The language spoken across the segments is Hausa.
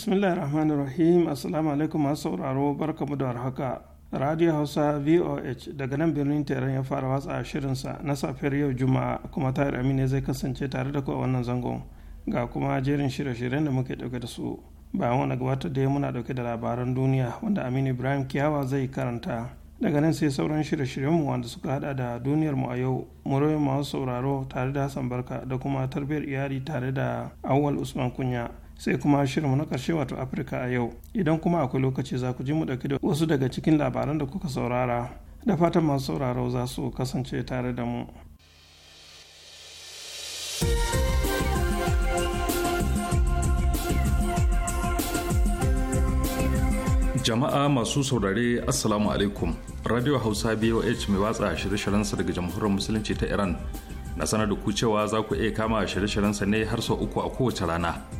bismillahir rahmanir rahim assalamu alaikum masu sauraro barkamu da warhaka radio hausa voh daga nan birnin teran ya fara watsa shirinsa na safiyar yau juma'a kuma tayar amine zai kasance tare da ku a wannan zangon ga kuma jerin shirye-shiryen da muke dauke da su bayan wani gabata da muna dauke da labaran duniya wanda amin ibrahim kiyawa zai karanta daga nan sai sauran shirye-shiryenmu wanda suka hada da duniyar mu a yau murai masu sauraro tare da hassan barka da kuma tarbiyar iyali tare da awwal usman kunya sai kuma shirinmu na ƙarshe wato afirka a yau idan kuma akwai lokaci za ku ji mu ɗauki da wasu daga cikin labaran da kuka saurara da fatan masu sauraro za su kasance tare da mu jama'a masu saurare assalamu alaikum radio hausa boh mai watsa shirye shiryen sa daga jamhuriyar musulunci ta iran na sanar da ku cewa za ku iya kama shirye shiryen sa ne har sau uku a kowace rana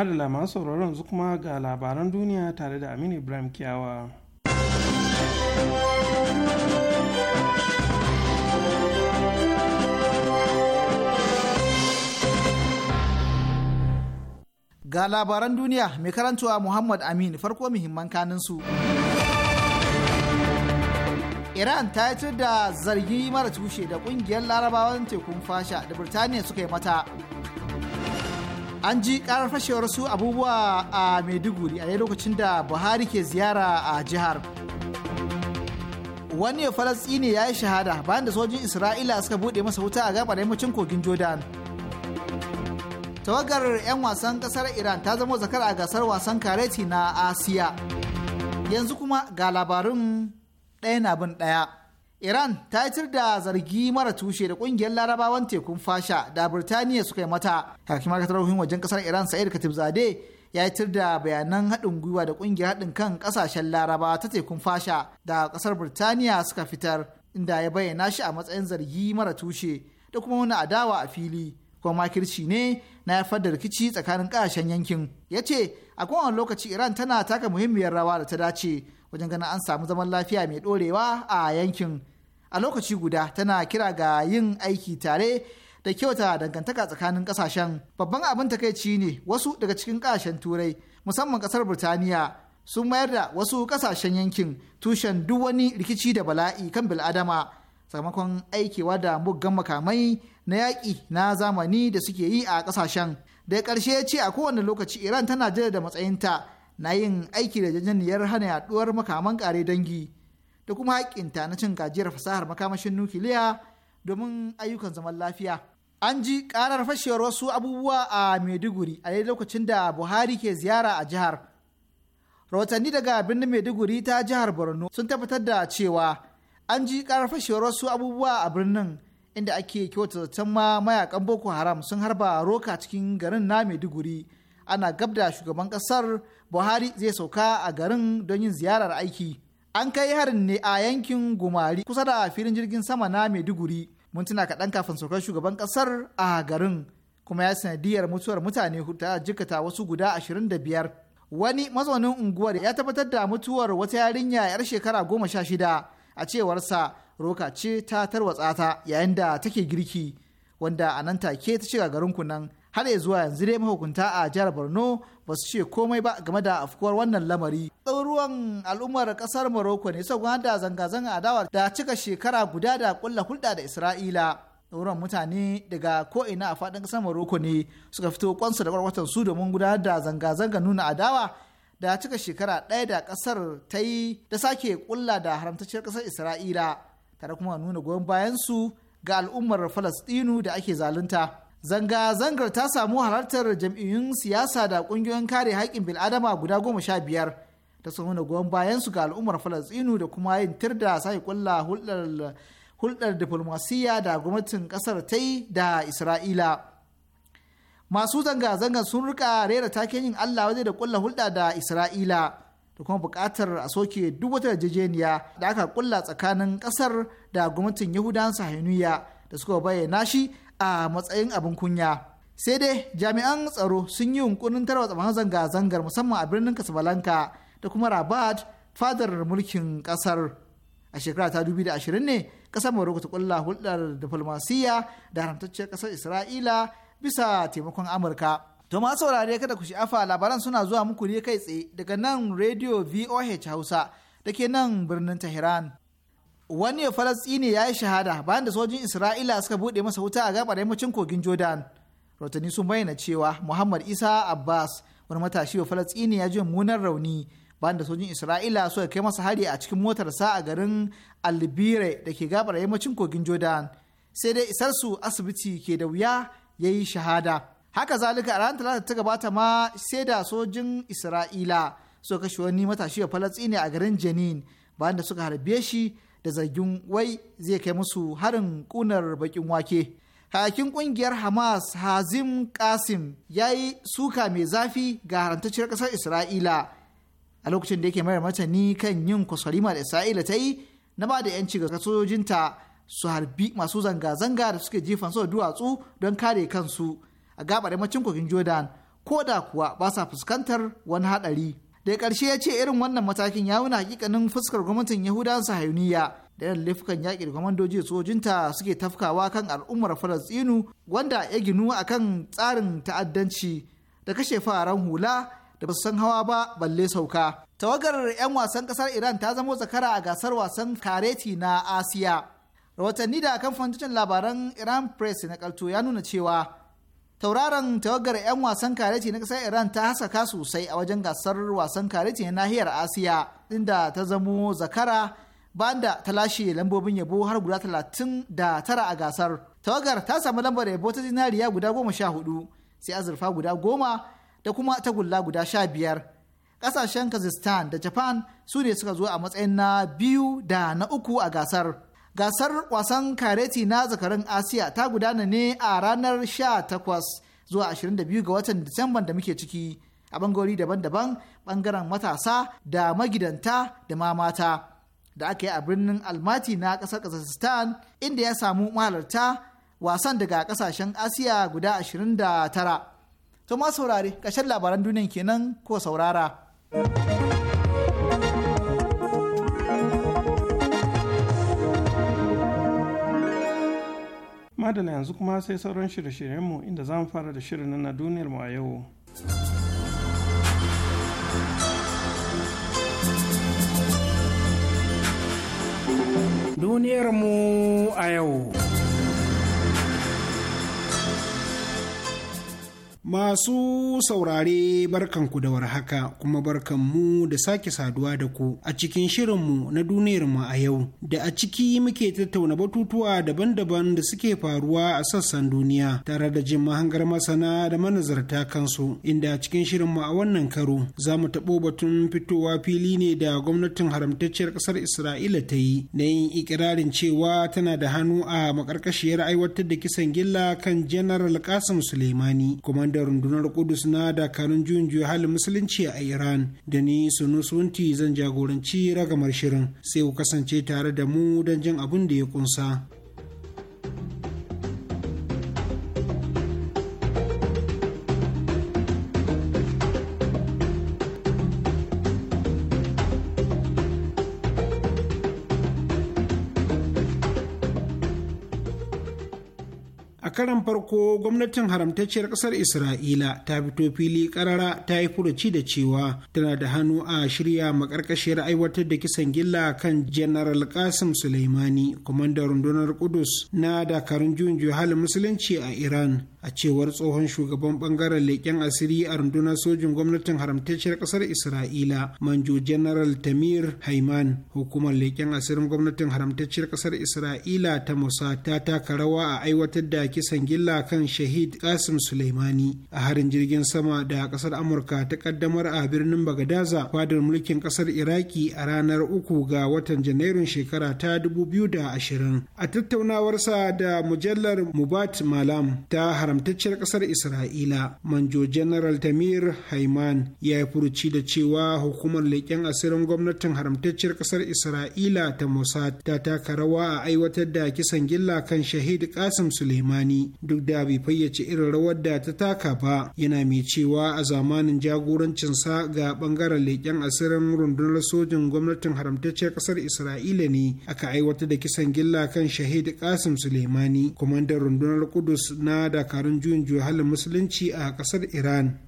adala masu sauraron yanzu kuma ga labaran duniya tare da aminu ibrahim kiyawa ga labaran duniya mai karantuwa muhammad amin farko muhimman kaninsu iran ta yi da zargi mara tushe da kungiyar larabawan tekun fasha da birtaniya suka yi mata an ji karar fashewar su abubuwa a maiduguri a lokacin da buhari ke ziyara a jihar wani falastini ya yi shahada bayan da sojin isra'ila suka buɗe masa wuta a gabar yammacin kogin jordan tawagar 'yan wasan ƙasar iran ta zama zakar a gasar wasan kareti na asiya yanzu kuma ga labarin ɗaya na bin ɗaya Iran ta yi da zargi mara tushe da kungiyar larabawan tekun fasha da Birtaniya suka yi mata. Hakimin harkar wajen kasar Iran Sa'id katib zade ya yi da bayanan haɗin gwiwa da kungiyar haɗin kan ƙasashen laraba ta tekun fasha da ƙasar Birtaniya suka fitar inda ya bayyana shi a matsayin zargi mara tushe da kuma wani adawa a fili. Kuma makirci ne na haifar da rikici tsakanin ƙasashen yankin. Ya ce a kowane lokaci Iran tana taka muhimmiyar rawa da ta dace wajen ganin an samu zaman lafiya mai ɗorewa a yankin. a lokaci guda tana kira ga yin aiki tare da kyauta dangantaka tsakanin kasashen babban abin takaici ne wasu daga cikin kasashen turai musamman kasar burtaniya sun mayar da wasu kasashen yankin tushen duk wani rikici da bala'i kan bil'adama sakamakon aikewa da muggan makamai na yaƙi na zamani da suke yi a kasashen da ƙarshe ya ce a kowane lokaci iran tana da matsayinta na yin aiki da jajjaniyar hana yaɗuwar makaman ƙare dangi da kuma haƙƙinta na cin gajiyar fasahar makamashin nukiliya domin ayyukan zaman lafiya. An ji ƙarar fashewar wasu abubuwa a Maiduguri a lokacin da Buhari ke ziyara a jihar. Rahotanni daga birnin Maiduguri ta jihar Borno sun tabbatar da cewa an ji ƙarar fashewar wasu abubuwa a birnin inda ake kyauta zaton ma mayakan Boko Haram sun harba roka cikin garin na Maiduguri. Ana gab da shugaban ƙasar Buhari zai sauka a garin don yin ziyarar aiki. an kai harin ne a yankin gumari kusa da filin jirgin sama na maiduguri mintuna kaɗan kafin saukar shugaban ƙasar a garin kuma ya sanadiyar mutuwar mutane ta jikata wasu guda ashirin da biyar wani mazaunin unguwar ya tabbatar da mutuwar wata yarinya 'yar shekara goma sha shida a cewarsa roka ce ta tarwatsa ta yayin da take girki wanda a nan take ta shiga garin kunan har ya zuwa yanzu dai mahukunta a jihar borno ba su ce komai ba game da afkuwar wannan lamari ɗauruwan al'ummar ƙasar morocco ne sau da zanga-zanga adawa da cika shekara guda da ƙulla hulɗa da isra'ila ɗauruwan mutane daga ko'ina a faɗin ƙasar morocco ne suka fito kwansu da kwarkwatan su domin gudanar da zanga-zanga nuna adawa da cika shekara ɗaya da ƙasar ta yi da sake ƙulla da haramtacciyar ƙasar isra'ila tare kuma nuna goyon bayansu ga al'ummar falastinu da ake zalunta. Zanga-zangar ta samu halartar jam'iyyun siyasa da kungiyoyin kare haƙƙin bil'adama guda goma sha biyar ta sun nuna goyon bayansu ga al'ummar falastinu da kuma yin tirda sake kulla hulɗar hulɗar diflomasiyya da gwamnatin ƙasar ta yi da Isra'ila. Masu zanga-zangar sun rika rera taken yin Allah waje da kulla hulɗa da Isra'ila da kuma buƙatar a soke duk wata yarjejeniya da aka kulla tsakanin ƙasar da gwamnatin Yahudan Sahiniya da suka bayyana shi a matsayin abin kunya sai dai jami'an tsaro sun yi yunkurin tarwatsa zanga-zangar musamman a birnin casablanca da kuma rabat fadar mulkin kasar a shekara ta 2020 ne kasar Morocco ta kulla hulɗar diflomasiyya da haramtacciyar kasar Isra'ila bisa taimakon Amurka. To ma saurare kada ku sha'afa labaran suna zuwa muku ne kai tsaye daga nan Radio VOH Hausa da ke nan birnin Tehran. wani falastini ya yi shahada bayan da sojin isra'ila suka buɗe masa wuta a gabar yammacin kogin jordan rotani sun bayyana cewa muhammad isa abbas wani matashi wa falastini ya ji mummunan rauni bayan da sojin isra'ila suka kai masa hari a cikin motarsa a garin albire da ke gabar yammacin kogin jordan sai dai isar su asibiti ke da wuya ya yi shahada haka zalika a ranar talata ta gabata ma sai da sojin isra'ila suka kashe wani matashi wa falastini a garin janin bayan da suka harbe shi da zargin wai zai kai musu harin kunar bakin wake. Hakin kungiyar Hamas Hazim Kasim ya yi suka mai zafi ga harantacciyar ƙasar Isra'ila a lokacin da yake mayar martani kan yin kwasarima da Isra'ila ta yi na ba da 'yanci ga sojojinta su harbi masu zanga-zanga da suke jifan su da duwatsu don kare kansu a gabar yammacin kogin Jordan ko da kuwa ba sa fuskantar wani haɗari. da karshe ya ce irin wannan matakin ya wuna hakikanin fuskar gwamnatin yahudan sahayuniya da yan laifukan yaƙi da kwamandoji sojinta suke tafkawa kan al'ummar falastinu wanda ya ginu akan tsarin ta'addanci da kashe faran hula da ba san hawa ba balle sauka tawagar 'yan wasan ƙasar iran ta zamo zakara a gasar wasan kareti na asiya rahotanni da kamfanin labaran iran press na kalto ya nuna cewa tauraron tawagar 'yan wasan kareti na ƙasar iran ta hasaka sosai a wajen gasar wasan kareti na nahiyar asiya inda ta zamo zakara banda ta lashe lambobin yabo har guda talatin da tara a gasar tawagar ta samu lambar yabo ta zinariya guda goma sha hudu sai azurfa guda goma da kuma tagulla guda sha biyar ƙasashen kazistan da japan su ne suka zo a matsayin na biyu da na uku a gasar gasar wasan kareti na zakarin asiya ta gudana ne a ranar 18 zuwa 22 ga watan disamban da muke ciki a bangarori daban-daban bangaren matasa da magidanta da ma mata da aka yi a birnin almati na kasar kazakhstan inda ya samu mahalarta wasan daga kasashen asiya guda 29 to ma saurare ƙarshen labaran duniya kenan ko saurara. madala yanzu kuma sai sauran shirye-shiryenmu inda za mu fara da shirin na duniyar mu a yau duniyar mu a yau Masu saurare barkanku da warhaka kuma barkanmu da sake saduwa da ku a cikin shirinmu na duniyar mu a yau da a ciki muke tattauna batutuwa daban-daban da suke faruwa a sassan duniya tare da jin mahangar masana da manazarta kansu inda a cikin shirinmu a wannan karo za mu taɓo batun fitowa fili ne da gwamnatin haramtacciyar ƙasar Isra'ila ta yi na yin ikirarin cewa tana da hannu a makarkashiyar aiwatar da kisan gilla kan Janaral Kasim Suleimani kuma da rundunar kudus na dakarun juyin halin musulunci a iran da ni sunu sunti zan jagoranci ragamar shirin sai ku kasance tare da mu don jin abin da ya kunsa. shekaran farko gwamnatin haramtacciyar ƙasar isra'ila ta fito fili karara ta yi furuci da cewa tana da hannu a shirya makarkashiyar aiwatar da kisan gilla kan general kasim suleimani kwamandan rundunar kudus na dakarun juyin halin musulunci a iran a cewar tsohon shugaban bangaren leƙen asiri a rundunar sojin gwamnatin haramtacciyar ƙasar isra'ila manjo general tamir haiman hukumar leƙen asirin gwamnatin haramtacciyar ƙasar isra'ila ta musa ta taka rawa a aiwatar da kisan sangilla gilla kan shahid kasim suleimani a harin jirgin sama da kasar amurka ta kaddamar a birnin bagadaza fadar mulkin kasar iraki a ranar uku ga watan janairun shekara ta dubu biyu da ashirin. a tattaunawarsa da mujallar mubat malam ta haramtacciyar kasar isra'ila manjo general tamir haiman ya yi furuci da cewa hukumar leƙen asirin gwamnatin haramtacciyar kasar isra'ila ta mossad ta taka rawa a aiwatar da kisan gilla kan shahid kasim suleimani duk da bai fayyace irin rawar da ta taka ba yana mai cewa a zamanin jagorancinsa ga bangaren leƙen asirin rundunar sojin gwamnatin haramtacciyar ƙasar Isra'ila ne aka aiwatar da kisan gilla kan shahid Kasim Suleimani kwamandan rundunar Kudus na dakarun juyin halin musulunci a ƙasar Iran.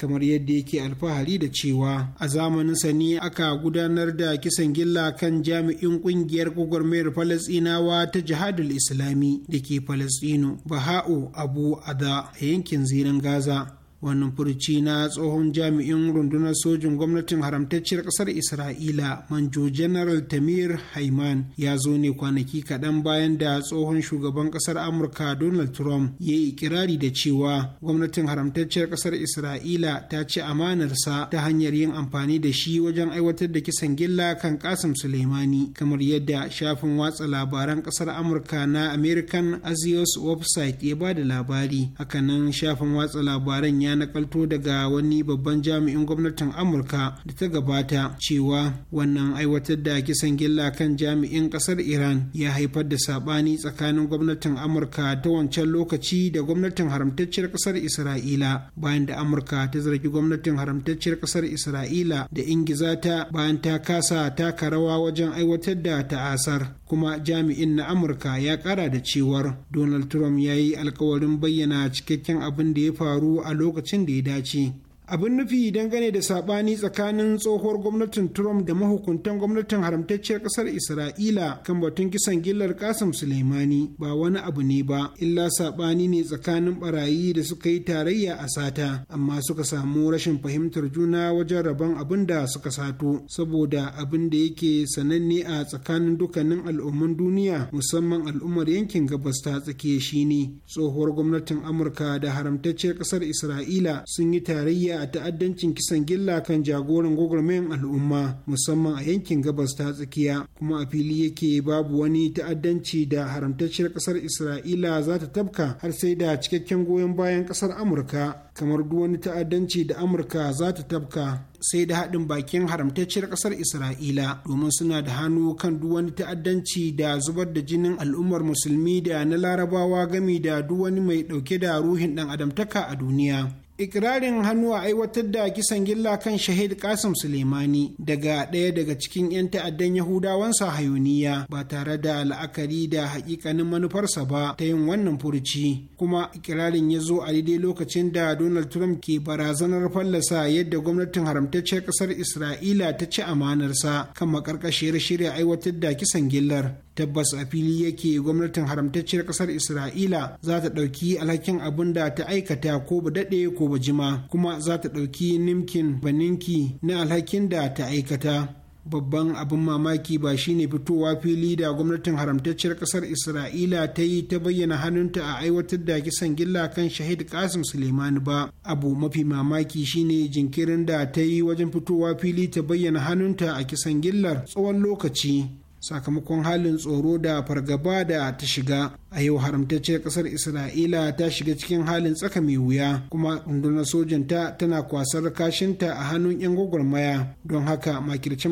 kamar yadda yake alfahari da cewa a zamanin sani aka gudanar da kisan gilla kan jami'in kungiyar gwagwarmayar falasinawa ta jihadul islami da ke falasino baha'u abu ada a yankin zirin gaza wannan furuci na tsohon jami'in rundunar sojin gwamnatin haramtacciyar ƙasar isra'ila manjo general tamir haiman ya zo ne kwanaki kaɗan bayan da tsohon shugaban ƙasar amurka donald trump ya yi ikirari da cewa gwamnatin haramtacciyar ƙasar isra'ila ta ci amanarsa ta hanyar yin amfani da shi wajen aiwatar da kisan gilla kan kasim suleimani kamar yadda shafin watsa labaran ƙasar amurka na american azios website ya ba da labari hakanan shafin watsa labaran ya ya nakalto daga wani babban jami'in gwamnatin amurka da ta gabata cewa wannan aiwatar da kisan gilla kan jami'in kasar iran ya haifar da saɓani tsakanin gwamnatin amurka ta wancan lokaci da gwamnatin haramtacciyar kasar isra'ila bayan da amurka ta zargi gwamnatin haramtacciyar kasar isra'ila da ingiza ta bayan ta kasa taka rawa wajen aiwatar da ta'asar kuma jami'in na amurka ya kara da cewar donald trump ya yi alkawarin bayyana cikakken abin da ya faru a lokacin 清理掉去。abin nufi dangane da sabani tsakanin tsohuwar gwamnatin trump da mahukuntan gwamnatin haramtacciyar kasar isra'ila kan batun kisan gillar kasam suleimani ba wani abu ne ba illa sabani ne tsakanin barayi da suka yi tarayya a sata amma suka samu rashin fahimtar juna wajen rabon abin da suka sato saboda abin da yake sananne a tsakanin dukkanin al'umman duniya musamman al'ummar yankin gabas ta tsakiya shine tsohuwar gwamnatin amurka da haramtacciyar kasar isra'ila sun yi tarayya A ta'addancin kisan gilla kan jagoran gwagwarmayan al'umma musamman a yankin gabas ta tsakiya kuma a fili yake babu wani ta'addanci da haramtacciyar kasar isra'ila za ta tabka har sai da cikakken goyon bayan kasar amurka kamar duk wani ta'addanci da amurka za ta tabka sai da haɗin bakin haramtacciyar ƙasar isra'ila domin suna da hannu kan duk wani ta'addanci da zubar da jinin al'ummar musulmi da na larabawa gami da duk wani mai ɗauke da ruhin ɗan adamtaka a duniya ikirarin hannu a aiwatar da kisan gilla kan shahid kasim suleimani daga ɗaya daga cikin 'yan ta'addan yahudawan sahayoniya ba tare da la'akari da hakikanin manufarsa ba ta yin wannan furuci kuma ikirarin ya zo a daidai lokacin da donald trump ke barazanar fallasa yadda gwamnatin haramtacciyar ƙasar isra'ila ta ci amanarsa kan makarkashiyar shirya aiwatar da kisan gillar tabbas a fili yake gwamnatin haramtacciyar kasar isra'ila za ta ɗauki alhakin abin da ta aikata ko ba daɗe ko ba jima kuma za ta ɗauki nimkin baninki na alhakin da ta aikata babban abin mamaki ba shine fitowa fili da gwamnatin haramtacciyar kasar isra'ila ta yi ta bayyana hannunta a aiwatar da kisan gilla kan shahid kasim suleimani ba abu mafi mamaki shine jinkirin da ta yi wajen fitowa fili ta bayyana hannunta a kisan gillar tsawon lokaci sakamakon halin tsoro da fargaba da ta shiga a yau haramtacciyar kasar isra'ila ta shiga cikin halin tsaka mai wuya kuma rundunar sojanta tana kwasar kashinta a hannun yan gwagwarmaya don haka makirce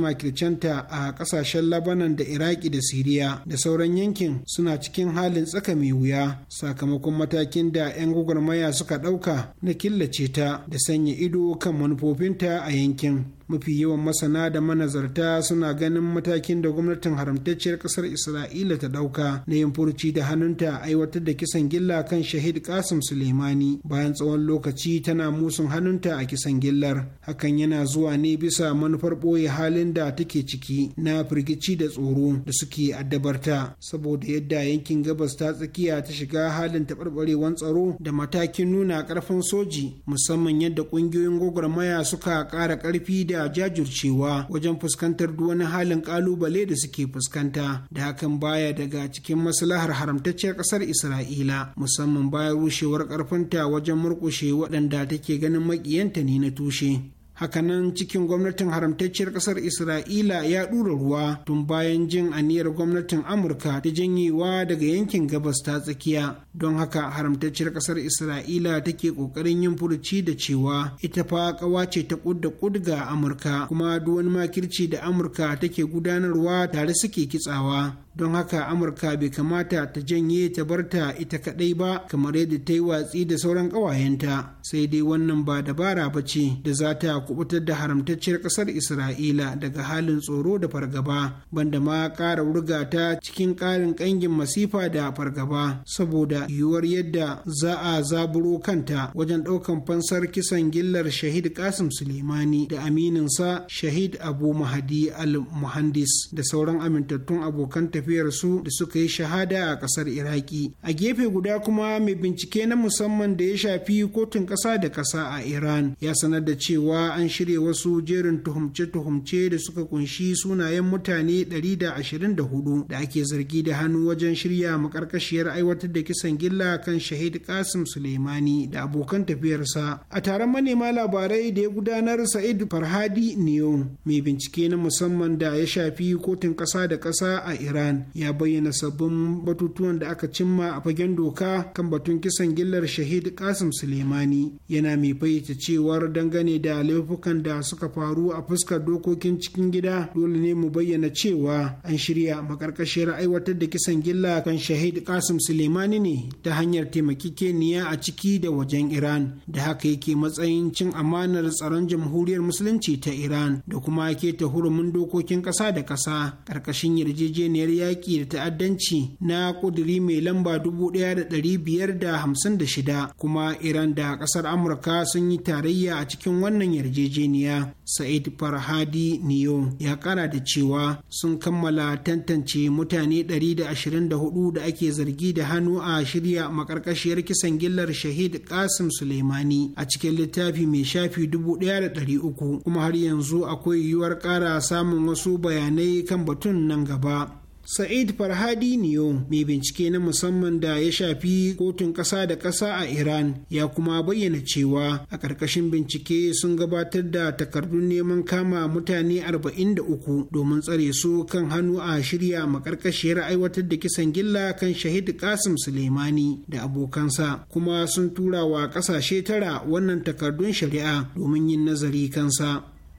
ta a kasashen labanan da iraki da siriya da sauran yankin suna cikin halin tsaka mai wuya sakamakon matakin da yan gwagwarmaya suka ɗauka na killace ta da sanya ido kan manufofinta a yankin mafi yawan masana da manazarta suna ganin matakin da gwamnatin haramtacciyar kasar isra'ila ta ɗauka na yin furci da hannun ta aiwatar da kisan gilla kan shahid kasim suleimani bayan tsawon lokaci tana musun hannunta a kisan gillar hakan yana zuwa ne bisa manufar ɓoye halin da take ciki na firgici da tsoro da suke addabarta saboda yadda yankin gabas ta tsakiya ta shiga halin taɓarɓarewan tsaro da matakin nuna ƙarfin soji musamman yadda ƙungiyoyin gwagwarmaya suka ƙara ƙarfi da jajircewa wajen fuskantar duk wani halin ƙalubale da suke fuskanta da hakan baya daga cikin maslahar haramta haramtacciyar ƙasar isra'ila musamman bayan rushewar ƙarfinta wajen murƙushe waɗanda take ganin maƙiyanta ne na tushe hakanan cikin gwamnatin haramtacciyar ƙasar isra'ila ya ɗura ruwa tun bayan jin aniyar gwamnatin amurka ta janyewa daga yankin gabas ta tsakiya don haka haramtacciyar ƙasar isra'ila take ƙoƙarin yin furuci da cewa ita fa ƙawa ce ta ƙudda ƙudga amurka kuma duk wani makirci da amurka take gudanarwa tare suke kitsawa don haka amurka bai kamata ta janye ta barta ita kadai ba kamar yadda ta yi watsi da sauran ƙawayenta sai dai wannan ba dabara ba ce da za ta kubutar da haramtacciyar ƙasar isra'ila daga halin tsoro da fargaba banda ma kara wurga ta cikin ƙarin ƙangin masifa da fargaba saboda yiwuwar yadda za a zaburo kanta wajen ɗaukan fansar kisan gillar shahid kasim sulemani da aminin sa shahid abu mahadi al-muhandis da sauran amintattun abokan tafiya tafiyarsu da suka yi shahada a ƙasar Iraki. A gefe guda kuma mai bincike na musamman da ya shafi kotun ƙasa da ƙasa a Iran ya sanar da cewa an shirya wasu jerin tuhumce-tuhumce da suka kunshi sunayen mutane 124 da ake zargi da hannu wajen shirya makarkashiyar aiwatar da kisan gilla kan shahid Kasim Suleimani da abokan tafiyarsa. A taron manema labarai da ya gudanar Sa'id Farhadi Neon mai bincike na musamman da ya shafi kotun ƙasa da ƙasa a Iran ya bayyana sabbin batutuwan da aka cimma a fagen doka kan batun kisan gillar shahid kasim suleimani yana mai fayyace cewar dangane da laifukan da suka faru a fuskar dokokin cikin gida dole ne mu bayyana cewa an shirya makarkashiyar aiwatar da kisan gilla kan shahid kasim suleimani ne ta hanyar taimakekeniya a ciki da wajen iran da haka yake matsayin cin amanar tsaron jamhuriyar musulunci ta iran da kuma keta hurumin dokokin ƙasa da ƙasa ƙarƙashin yarjejeniyar yaƙi da ta'addanci na ƙuduri mai lamba 1556 kuma Iran da ƙasar Amurka sun yi tarayya a cikin wannan yarjejeniya. Sa'id Farhadi Niyo ya ƙara da cewa sun kammala tantance mutane 124 da ake zargi da hannu a shirya makarkashiyar kisan gillar Shahid Qasim Suleimani a cikin littafi mai shafi 1,300 kuma har yanzu akwai yiwuwar ƙara samun wasu bayanai kan batun nan gaba. Sa'id Farhadi Niyo mai bincike na musamman da ya shafi kotun ƙasa da ƙasa a Iran ya kuma bayyana cewa a ƙarƙashin bincike sun gabatar da takardun neman kama mutane 43 domin tsare su kan hannu a shirya makarkashiyar aiwatar da kisan gilla kan shahid Kasim Suleimani da abokansa kuma sun tura wa ƙasashe tara wannan takardun shari'a domin yin nazari kansa.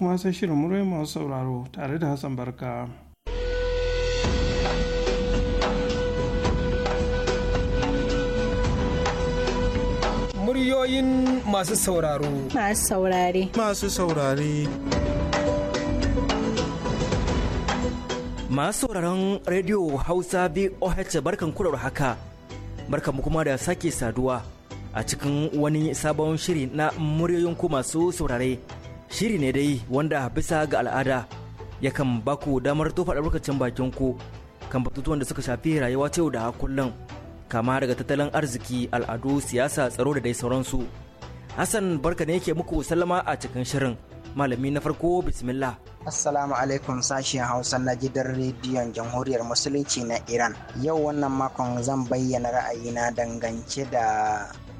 kuma sai shirin murai masu sauraro tare da Hassan Barka. Muryoyin masu sauraro. Masu saurare. Masu saurare. Masu sauraron Radio Hausa BOH barkan kudar haka, barkan kuma da sake saduwa a cikin wani sabon shiri na muryoyin ku masu saurare. shiri ne dai wanda bisa ga al'ada yakan baku damar tofa albarkacin bakin ku kan batutuwan da suka shafi rayuwa ta yau da kullum kama daga tattalin arziki al'adu siyasa tsaro da dai sauransu hassan barka ne yake muku sallama a cikin shirin malami na farko bismillah Assalamu alaikum sashen Hausa na gidan rediyon Jamhuriyar Musulunci na Iran. Yau wannan makon zan bayyana ra'ayina dangance da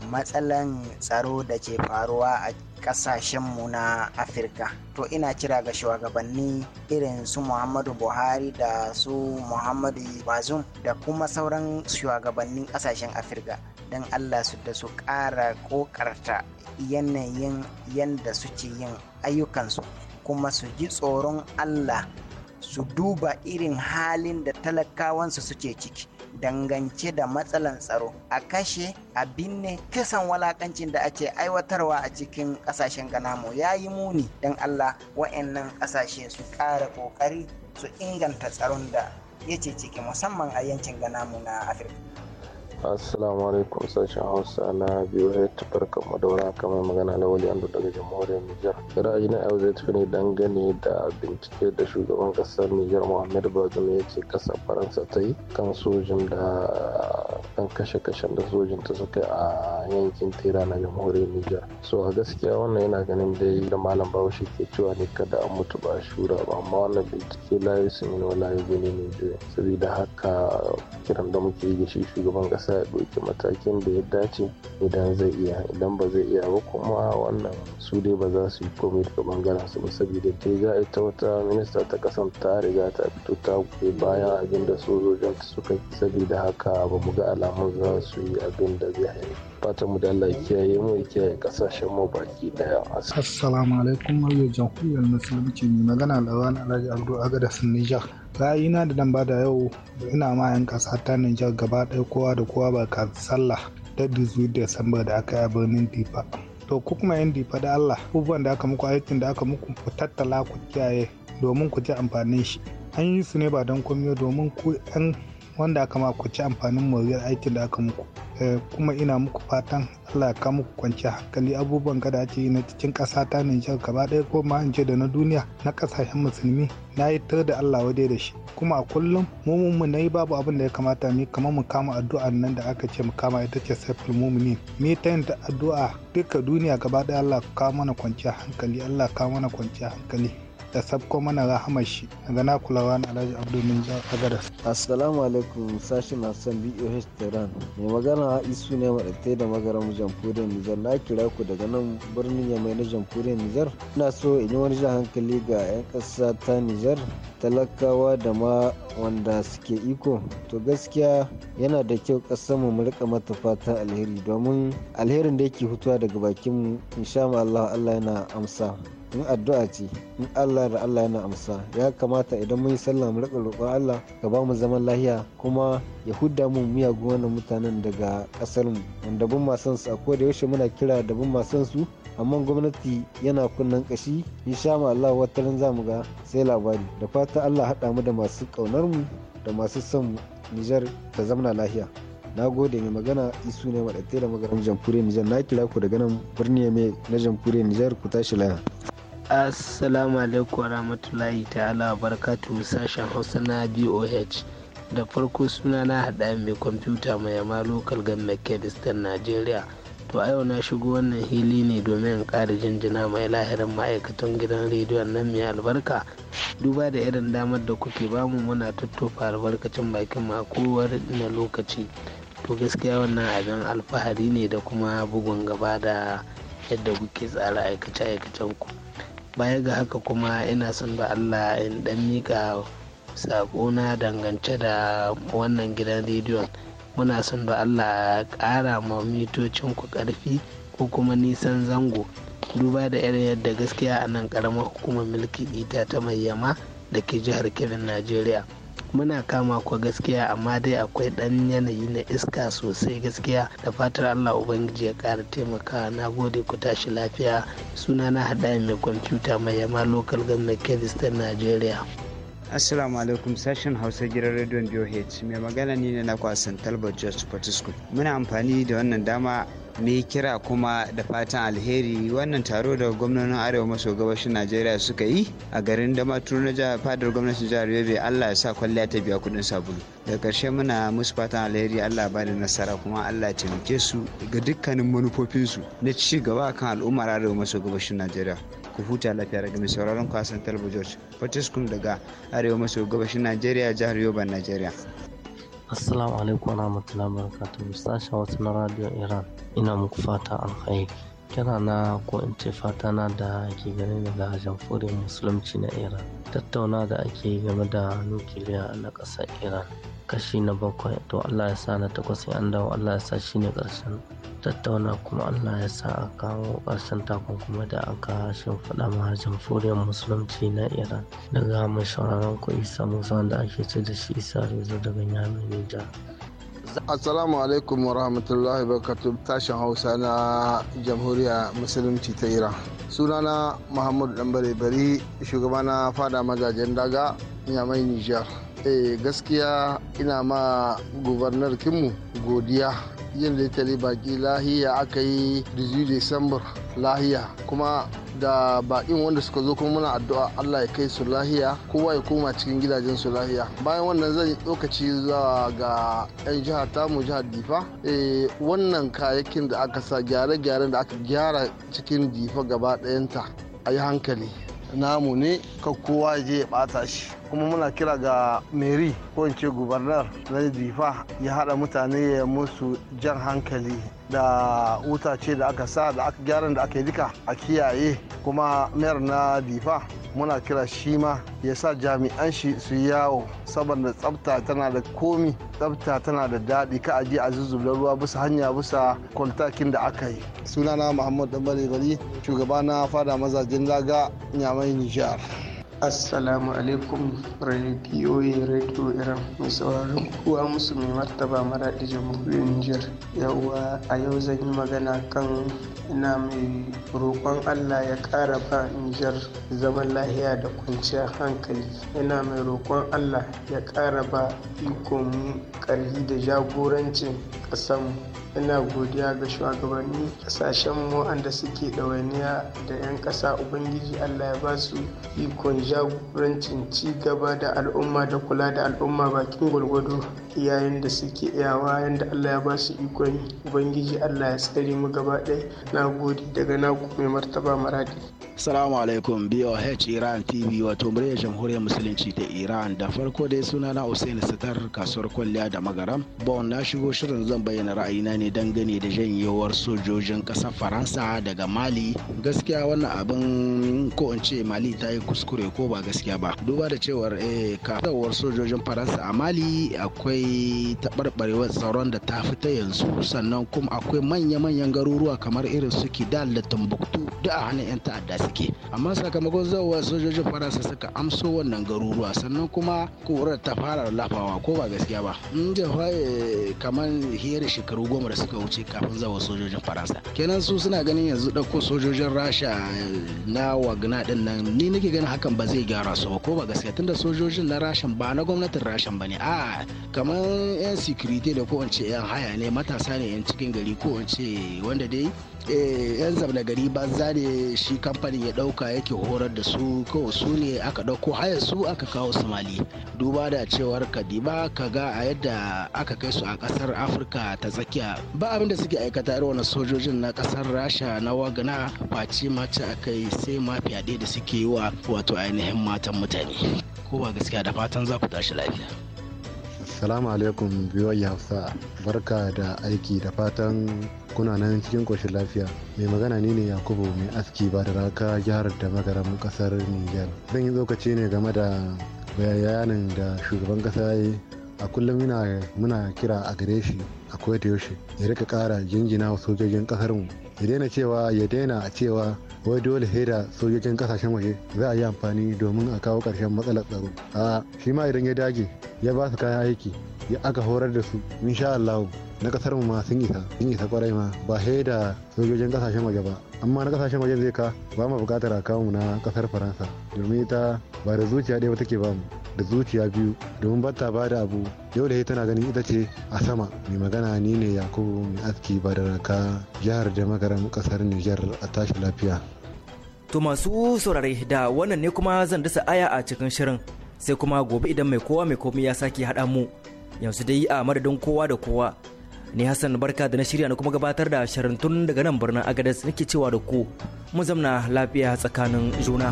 matsalan tsaro da ke faruwa a kasashenmu na afirka to ina kira ga shugabanni irin su muhammadu buhari da su muhammadu bazum da kuma sauran shugabannin kasashen afirka don allah su da su kara kokarta yanayin yadda suke yin ayyukansu kuma su ji tsoron allah su duba irin halin da talakawansu suke ciki dangance da matsalan tsaro a kashe a binne kisan walakancin da ake aiwatarwa a cikin kasashen ganamu ya yi muni don allah wa'annan kasashe su ƙara ƙoƙari su inganta tsaron da ya ce ciki musamman a yankin ganamu na afirka assalamu alaikum sashen hausa na biyu ya farkon madaura kamar magana na wani ando daga jamhuriyar nijar ra'ayi na yau zai tafi ne dangane da bincike da shugaban kasar nijar muhammad bazoum ya ce kasar faransa ta yi kan sojin da kan kashe-kashen da sojin ta suka a yankin tera na jamhuriyar nijar so a gaskiya wannan yana ganin dai da malam bahaushe ke cewa ne kada an mutu ba shura ba amma wannan bincike layi sun yi wa layi gani ne Sabida haka kiran da muke yi shi shugaban kasar sa ya ɗauki matakin da ya dace idan zai iya idan ba zai iya ba kuma wannan su dai ba za su yi komai daga bangaren su ba saboda a ita wata minista ta kasan ta riga ta fito ta goyi bayan abin da sojojin suka yi saboda haka ba mu ga alamun za su yi abin da zai haifi fatan mu da Allah kiyaye mu ya kiyaye kasashen mu baki daya. Assalamu alaikum muryar jamhuriyar musulunci mai magana Lawan Alhaji Abdul Agada Sun Nijar. ra'ayina da nan bada yau ina ma yan kasa ta Nijar gaba ɗaya kowa da kowa ba ka sallah ta 18 Disamba da aka yi a birnin Difa. To ku kuma yan Difa da Allah abubuwan da aka muku aikin da aka muku ku tattala ku kiyaye domin ku ji amfanin shi. An yi su ne ba don komiyo domin ku 'yan wanda aka ma ku ci amfanin moriyar aikin da aka muku eh, kuma ina muku fatan Allah ya muku kwanci hankali abubuwan kada ake yi na cikin ƙasa ta Nijar gaba ɗaya ko ma ce da na duniya na ƙasashen musulmi na yi tar da Allah wadai da shi kuma a kullum mumun mu yi babu abin da ya kamata mu kamar mu kama addu'a nan da aka ce mu kama ita ce saiful mu'minin mu ta yin addu'a duka duniya gaba ɗaya Allah ka mana kwanci hankali Allah ka mana kwanci hankali da sabko mana rahamar shi daga na kulawa na alhaji abdomin minja a assalamu alaikum sashi na son boh tehran mai magana isu ne maɗatai da magaran jamhuriyar nijar na kira ku daga nan birnin yamai na jamhuriyar nijar ina so in yi wani jan hankali ga 'yan ƙasa ta nijar talakawa da ma wanda suke iko to gaskiya yana da kyau ƙasar mu rika mata fata alheri domin alherin da yake hutuwa daga bakin mu insha Allah Allah yana amsa in addu'a ce in Allah da Allah yana amsa ya kamata idan mun yi sallah mu rika roƙon Allah ka ba mu zaman lahiya kuma ya huda mu miyagun wannan mutanen daga ƙasar mu wanda bin masan su a da yaushe muna kira da bin masan su amma gwamnati yana kunnen kashi in sha mu Allah wata ran zamu ga sai labari da fata Allah haɗa mu da masu ƙaunar mu da masu son mu Nijar ta zamana lahiya na gode mai magana isu ne maɗaɗe da magana. jamfure nijar na kira ku daga nan birni mai na jamfure nijar ku tashi laya assalamu alaikum warahmatullahi ta'ala barkatu sashen hausa na boh da farko suna na haɗa mai kwamfuta mai yama lokal gan kebistan najeriya to a yau na shigo wannan hili ne domin in ƙara jinjina mai lahirin ma'aikatan gidan rediyon nan mai albarka duba da irin damar da kuke bamu muna tattofa albarkacin bakin ma na lokaci to gaskiya wannan abin alfahari ne da kuma bugun gaba da yadda kuke tsara aikace-aikacen ku baya ga haka kuma ina son da allah in dan miƙa saƙona dangance da wannan gidan rediyon muna son da allah ƙara ma mitocin ku ƙarfi ko kuma nisan zango duba da irin yadda gaskiya a nan ƙaramar hukumar mulki ita ta mai yama da ke jihar kebin najeriya muna kama ku gaskiya amma dai akwai ɗan yanayi na iska sosai gaskiya da fatar allah ubangiji ya kara taimaka na gode ku tashi lafiya suna na haɗa mai kwamfuta mai yama lokal gwamnan kebis ta najeriya Assalamu alaikum sashen Hausa gidan rediyon BOH mai magana ni ne na kwasan Talbot George Fortescue. Muna amfani da wannan dama mai kira kuma da fatan alheri wannan taro da gwamnonin arewa maso gabashin najeriya suka yi a garin da damaturu na fadar gwamnatin jihar yobe allah ya sa kwalliya ta biya kudin sabulu da karshe muna musu fatan alheri allah ba da nasara kuma allah ya taimake su ga dukkanin manufofinsu na ci gaba kan al'ummar arewa maso gabashin najeriya ku huta lafiya daga mai sauraron kwasan talba fatis Kun daga arewa maso gabashin najeriya jihar yoban najeriya assalamu alaikum warahmatullahi wabarakatuh sashen wasu na radio iran ina muku fata alkhairi kira na ko in ce fata na da ke gani daga jamhuriyar musulunci na iran tattauna da ake game da nukiliya na ƙasar iran kashi na bakwai to Allah ya sa na takwas an dawo Allah ya sa shi ne ƙarshen tattauna kuma Allah ya sa a kawo ƙarshen kuma da aka shimfiɗa mahajin furiyar musulunci na Iran daga mai ku Isa Musa da ake ce da shi Isa Rezo daga yamin Nijar. Assalamu alaikum wa rahmatullahi barkatu tashin Hausa na Jamhuriya Musulunci ta Iran. Sunana Muhammadu Dambare Bari, shugaba na fada mazajen daga Nyamai Nijar. eh gaskiya ina ma gubernar kinmu godiya yin litari baki lahiya aka yi 18 Disambar lahiya kuma da baƙin wanda suka zo kuma muna addu'a Allah ya kai su lahiya kowa ya koma cikin gidajen su lahiya bayan wannan zan yi lokaci zuwa ga yan jihar mu jihar difa eh, wannan kayakin da aka sa gyare gyare da aka gyara cikin difa gaba ɗayanta a yi hankali namu ne ka kowa je ya ɓata shi kuma muna kira ga meri ko in ce gubernar na difa ya hada mutane ya musu jan hankali da wuta ce da aka sa da aka gyaran da aka yi duka a kiyaye kuma mayar na difa muna kira shi ma ya sa jami'an shi su yawo saboda tsafta tana da komi tsafta tana da daɗi ka aji a da ruwa bisa hanya bisa kwaltakin da aka yi sunana muhammad dan bari shugaba na fada mazajen laga nyamai nijar assalamu alaikum radiyoyi radio iran mai sauraron kuwa musu mai martaba maraɗi jamhuriyar niger Yawwa a yau zan yi magana kan ina mai roƙon allah ya ƙara ba niger zaman lahiya da kwanciyar hankali ina mai roƙon allah ya ƙara ba ikon ƙarfi da jagorancin ƙasarmu ina godiya ga shugabanni kasashen mu waɗanda suke ɗawainiya da 'yan ƙasa ubangiji allah ya ba su ikon jagorancin ci gaba da al'umma da kula da al'umma bakin gwargwado yayin da suke iyawa yadda allah ya ba su ikon ubangiji allah ya tsare mu gaba ɗaya na gode daga naku mai martaba maradi Salamu alaikum BOH Iran TV wato muryar jamhuriyar musulunci ta Iran da farko dai sunana Hussein Sitar kasuwar kwalliya da magaram. Bon na shigo shirin zan bayyana ra'ayina ne dangane da janyewar sojojin ƙasar faransa daga mali gaskiya wannan abin ko in ce mali ta yi kuskure ko ba gaskiya ba duba da cewar eh kafawar sojojin faransa a mali akwai taɓarɓarewar tsaron da ta fita yanzu sannan kuma akwai manya-manyan garuruwa kamar irin su kidal da tumbuktu duk a hannun 'yan ta'adda suke amma sakamakon zawa sojojin faransa suka amso wannan garuruwa sannan kuma kurar ta fara lafawa ko ba gaskiya ba in da kamar hiyar shekaru goma da suka wuce kafin zawo sojojin faransa kenan su suna ganin yanzu ɗauko sojojin rasha eh, na wagna din nan ni nake ganin hakan ba zai gyara su ba ko ba gaskiya tunda sojojin na rashin ba na gwamnatin rashin ba ne a kamar yan security da ko in yan haya ne matasa ne yan cikin gari ko in ce wanda dai Eh, yan zamna gari banza ne shi kamfanin ya dauka yake horar da su kawai su ne aka dauko haya su aka kawo su duba da cewar kadima ka ga a yadda aka kai su a kasar afirka ta tsakiya ba abinda da suke aikata irin wani sojojin na kasar rasha na wagana face mace a kai sai ma fyaɗe da suke yi wa wato ainihin matan mutane ko ba gaskiya da fatan za ku tashi lafiya Assalamu alaikum biyoyi Hausa barka da aiki da fatan kuna nan cikin koshin lafiya mai magana ni ne Yakubu mai aski ba da raka jihar da magaram kasar Niger zan yi tsokaci ne game da bayanin da shugaban kasa ya yi a kullum muna kira a gare shi a yaushe ya rika kara jingina wa sojojin kasar mu ya daina cewa ya daina cewa wai dole sai da sojojin kasashen waje za a yi amfani domin a kawo ƙarshen matsalar tsaro a shi ma idan ya dage ya ba su kayan aiki ya aka horar da su insha Allah na kasar mu ma sun isa sun isa kwarai ma ba sai da sojojin kasashen waje ba amma na kasashen waje zai ka ba mu buƙatar akamu na kasar faransa domin ita ba da zuciya ɗaya ba take ba mu da zuciya biyu domin bata ba da abu yau da tana ganin ita ce a sama mai magana ni ne yakubu mai aski ba da raka jihar da kasar niger a tashi lafiya to masu saurari da wannan ne kuma zan dasa aya a cikin shirin sai kuma gobe idan mai kowa mai komai ya sake haɗa mu yanzu dai a madadin kowa da kowa Ni Hassan Barka da na shirya na kuma gabatar da shirin tun daga nan birnin Agadez nake cewa da ku mu zamna lafiya tsakanin juna.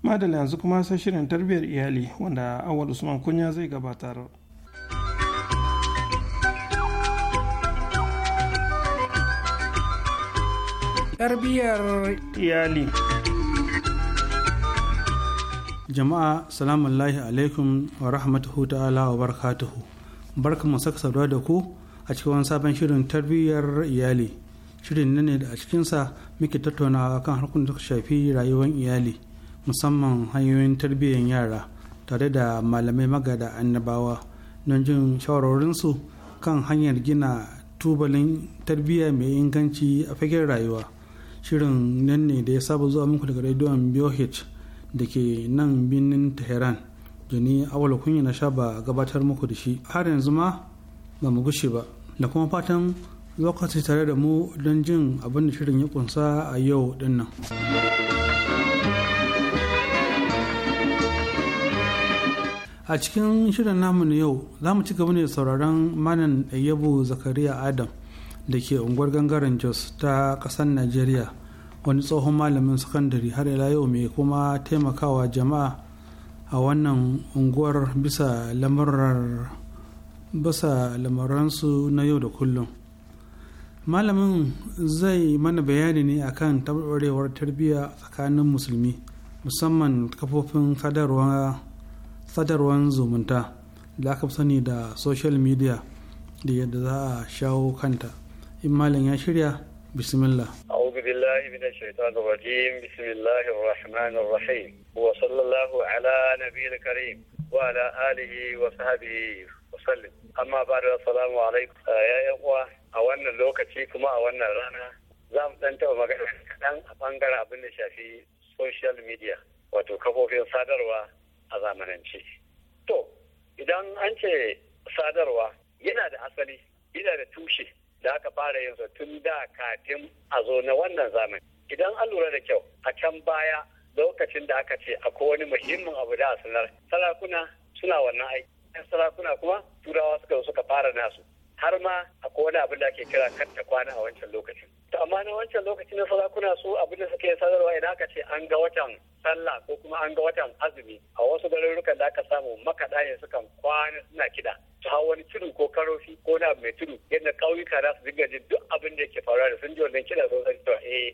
Madalla yanzu kuma sai shirin tarbiyyar iyali wanda awal Usman Kunya zai gabatar. tarbiyyar iyali jama'a salamu alaikum wa rahmatuhu ta'ala wa barkatuhu barka mu saka saduwa da ku a cikin wani sabon shirin tarbiyyar iyali shirin nan ne da a cikinsa muke tattaunawa kan harkun da shafi rayuwar iyali musamman hanyoyin tarbiyyar yara tare da malamai magada annabawa don jin shawarwarinsu kan hanyar gina tubalin tarbiyya mai inganci a fagen rayuwa shirin nan ne da ya saba zuwa muku daga rediyon BOH da ke nan birnin Tehran da ni awala kunya na sha ba gabatar muku da shi har yanzu ma ba mu gushe ba da kuma fatan lokaci tare da mu don jin abin da shirin ya kunsa a yau dinnan. a cikin shirin namu na yau za mu ci gaba ne sauraron manan ayyabu zakariya adam da ke unguwar gangaren jos ta ƙasar najeriya wani tsohon malamin sakandare har ila yau mai kuma taimakawa jama'a a wannan unguwar bisa lamurar lamuransu na yau da kullum malamin zai mana bayani ne akan tabarwarewar tarbiyya tsakanin musulmi musamman kafofin sadarwar zumunta da aka sani da social media da yadda za a shawo kanta in malam ya shirya bismillah أعوذ بالله من wa الرجيم بسم الله الرحمن الرحيم وصلى الله za mu ɗan taɓa magana a ɓangaren abin da shafi social media wato kafofin sadarwa a zamanance. To, idan an ce sadarwa yana da asali, yana da tushe, da aka fara yin sa tun da katin a zo na wannan zamani idan an lura da kyau a can baya lokacin da aka ce akwai wani muhimmin abu da a sanar sarakuna suna wannan aiki sarakuna kuma turawa suka suka fara nasu har ma akwai wani abin da ake kira ta kwana a wancan lokacin to amma na wancan lokacin na sarakuna su abin da suke sadarwa idan aka ce an ga watan sallah ko kuma an ga watan azumi a wasu garurrukan da aka samu makaɗa ne sukan kwana suna kiɗa To hau wani tudu ko karofi ko na mai tudu yadda ƙauyuka za su dinga jin duk abin da ke faruwa da sun ji wannan kiɗa sun san cewa eh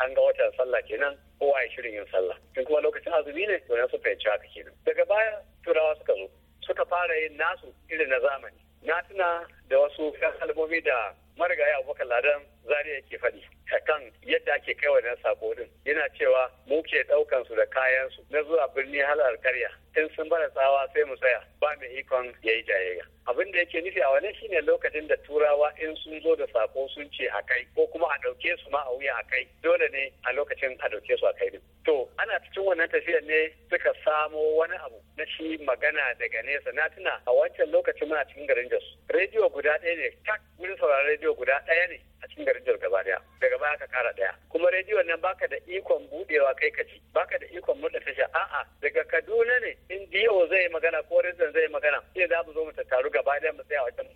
an ga watan sallah kenan ko ya shirin yin sallah in kuma lokacin azumi ne to na su fahimci haka kenan daga baya turawa suka zo suka fara yin nasu irin na zamani na tuna da wasu kalmomi da marigaya abubakar ladan zaria yake faɗi kan yadda ake kai wannan sako din yana cewa mu ke ɗaukan su da kayan su na zuwa birni halar karya in sun bara tsawa sai mu tsaya ba mai ikon ya yi jayayya abin da yake nufi a wani shine lokacin da turawa in sun zo da sako sun ce a kai ko kuma a ɗauke su ma a wuya a kai dole ne a lokacin a ɗauke su a kai din to ana cikin wannan tafiyar ne suka samo wani abu na shi magana daga nesa na tuna a wancan lokacin muna cikin garin jos rediyo guda ɗaya ne tak wurin sauraron rediyo guda ɗaya ne a cikin garin Jos gaba daya daga baya ka kara daya kuma rediyon nan baka da ikon budewa kai ka ji baka da ikon murda tasha a'a daga Kaduna ne in Diyo zai magana ko Rizan zai magana sai za mu zo mu tattaru gaba daya mu tsaya wajen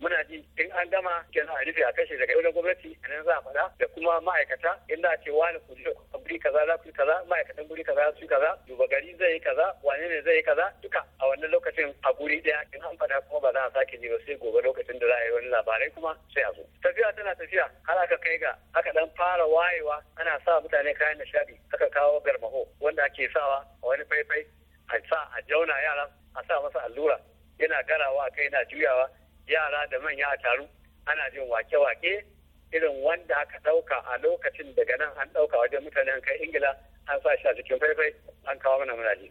muna ji in an gama kenan a rufe a kashe daga wajen gwamnati a nan za a faɗa da kuma ma'aikata in za a ce wani ku je guri kaza za ku yi kaza ma'aikatan guri kaza su kaza duba gari zai yi kaza wane ne zai yi kaza duka a wannan lokacin a guri daya in an fada kuma ba za a sake ji ba sai gobe lokacin da za a yi wani labarai kuma sai a zo tafiya tana tafiya lafiya har aka kai ga aka dan fara wayewa ana sa mutane kayan nishadi aka kawo garmaho wanda ake sawa a wani faifai a sa a jauna yara a sa masa allura yana garawa a kai na juyawa yara da manya a taru ana jin wake-wake irin wanda aka ɗauka a lokacin daga nan an ɗauka wajen mutane an kai ingila an sa shi a cikin faifai an kawo mana muraje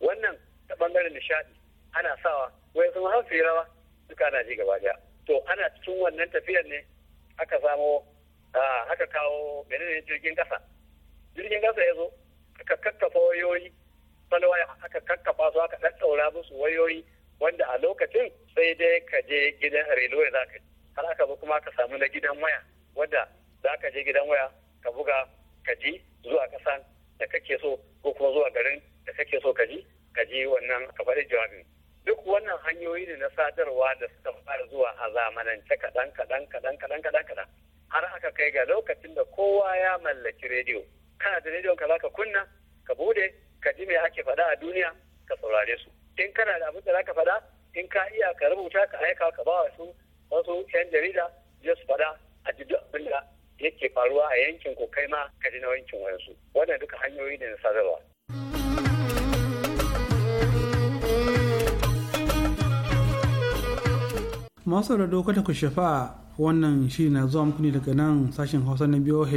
wannan ta bangaren nishaɗi ana sawa wai sun hau rawa duka ana ji gaba daya to ana cikin wannan tafiyar ne aka samo aka kawo menene jirgin kasa jirgin kasa ya zo aka kakkafa wayoyi salwa aka kakkafa su aka ɗaɗɗaura musu wayoyi wanda a lokacin sai dai ka je gidan railway za ka har aka zo kuma ka samu na gidan waya wanda za ka je gidan waya ka buga ka ji zuwa kasan da kake so ko kuma zuwa garin da kake so ka ji ka ji wannan ka bari jawabin duk wannan hanyoyi ne na sadarwa da suka fara zuwa a zamanance kaɗan kaɗan kaɗan kaɗan kaɗan kaɗan har aka kai ga lokacin da kowa ya mallaki rediyo kana da rediyon ka zaka kunna ka bude ka ji me ake faɗa a duniya ka saurare su in kana da abin da zaka faɗa in ka iya ka rubuta ka aika ka ba su wasu yan jarida je su faɗa a ji duk abin da yake faruwa a yankin ko kai ma ka ji na yankin wayansu wannan duka hanyoyi ne na sadarwa. masu da kada ku shafa wannan shi na zuwa muku ne daga nan sashen hausa na boh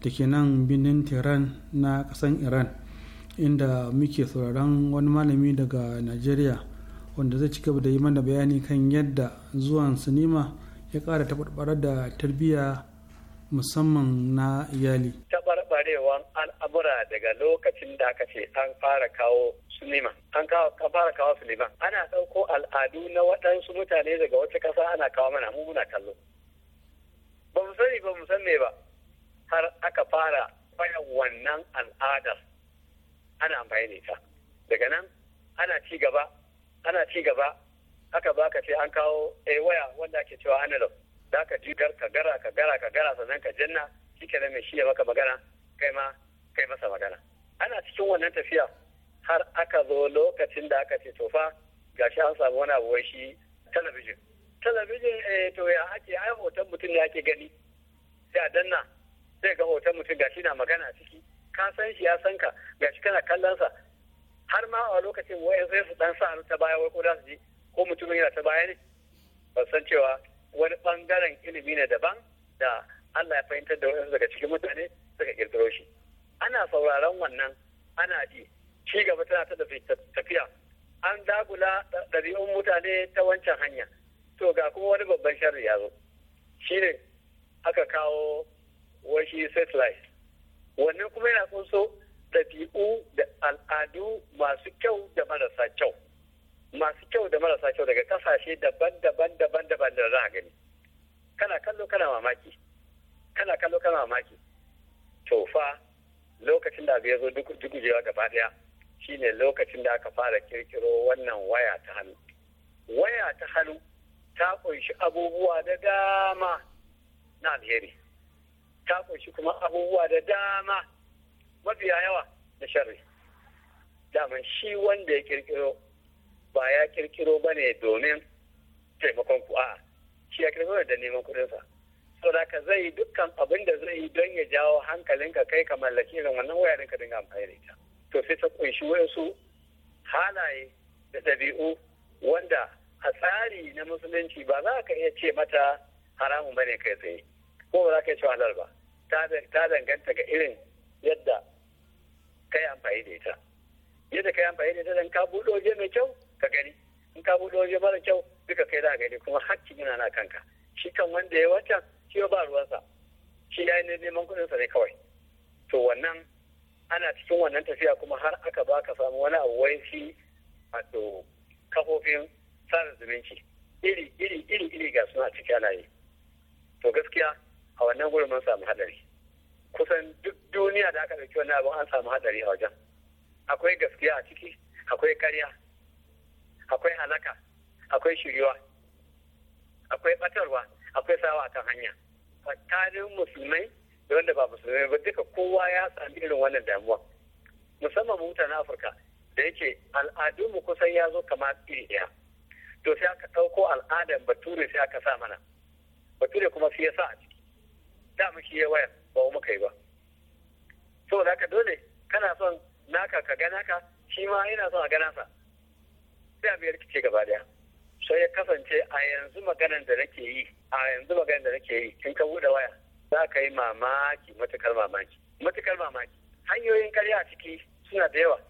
da ke nan birnin tehran na kasan iran inda muke sauraron wani malami daga nigeria wanda zai ci gaba da yi mana bayani kan yadda zuwan sinima ya kara tabarbarar da tarbiyya musamman na iyali. Taɓarɓarewan al'amura daga lokacin da aka ce an fara kawo Suleiman an fara kawo Suleiman ana ɗauko al'adu na waɗansu mutane daga wata ƙasa ana kawo mana mu muna kallo ba mu sani ba mu san me ba har aka fara baya wannan al'adar ana amfani da ita daga nan ana ci gaba ana ci gaba aka baka ce an kawo a eh, waya wanda ake cewa analog za ka ji gar ka gara ka gara ka gara sannan ka janna shi ke mai shi ya maka magana kai ma kai masa magana ana cikin wannan tafiya har aka zo lokacin da aka ce to fa shi an samu wani abu shi talabijin talabijin eh to ya ake ai hoton mutum ne ake gani sai a danna sai ga hoton mutum ga shi na magana a ciki ka san shi ya san ka ga shi kana kallon sa har ma a lokacin wai sai su dan sa ta baya wai ko da su ji ko mutumin yana ta baya ne ba san cewa wani bangaren ilimi ne daban da Allah ya fahimtar da wani daga cikin mutane suka kirkiro shi ana sauraron wannan ana ji ci gaba tana ta tafiya an dagula ɗari'un mutane ta wancan hanya to ga kuma wani babban sharri ya zo shi ne aka kawo washi satellite wannan kuma yana kunso ɗabi'u da al'adu masu kyau da marasa kyau masu kyau da marasa kyau daga kasashe daban-daban daban-daban da za a gani kana kallo kana mamaki kana kallo kana mamaki to fa lokacin da abu ya zo duk gujewa gaba daya shine lokacin da aka fara kirkiro wannan waya ta hannu waya ta hannu ta kunshi abubuwa da dama na alheri ta kunshi kuma abubuwa da dama mafiya yawa da sharri daman shi wanda ya kirkiro ba ya kirkiro ba ne domin taimakon ku shi ya kirkiro da neman kudinsa saboda ka zai dukkan abin da zai yi don ya jawo hankalinka kai ka mallaki irin wannan waya ka dinga amfani da ita to sai ta kunshi wayansu halaye da ɗabi'u wanda a tsari na musulunci ba za ka iya ce mata haramun bane kai tsaye ko ba za ka ce halal ba ta danganta ga irin yadda ka yi amfani da ita yadda ka yi amfani da ita dan ka buɗe waje mai kyau ka gani in ka buɗe waje mara kyau duka kai za gani kuma hakkin yana na kanka shi kan wanda ya wancan shi ba ruwansa shi ya yi neman kuɗinsa ne kawai to wannan ana cikin wannan tafiya kuma har aka ba ka samu wani abu wani shi wato kafofin sada zumunci iri iri iri iri ga suna ciki ana yi to gaskiya a wannan gurin mun samu hadari kusan duk duniya da aka ɗauki wani abin an samu hadari a wajen akwai gaskiya a ciki akwai karya akwai halaka akwai shiriwa akwai batarwa akwai sawa kan hanya tsakanin musulmai da wanda ba musulmai ba duka kowa ya sami irin wannan damuwa musamman mu mutanen afirka da yake al'adunmu kusan ya zo kama iri ɗaya to sai aka ɗauko al'adar bature sai aka sa mana bature kuma sai ya sa a ciki da mu shi ya waya ba mu kai ba da haka dole kana son naka ka ga naka shi ma yana son a ga nasa sai a biyar kice gaba daya sai ya kasance a yanzu maganar da nake yi a yanzu maganar da nake yi kin ka bude waya za ka yi mamaki matakar mamaki matakar mamaki hanyoyin karya a ciki suna da yawa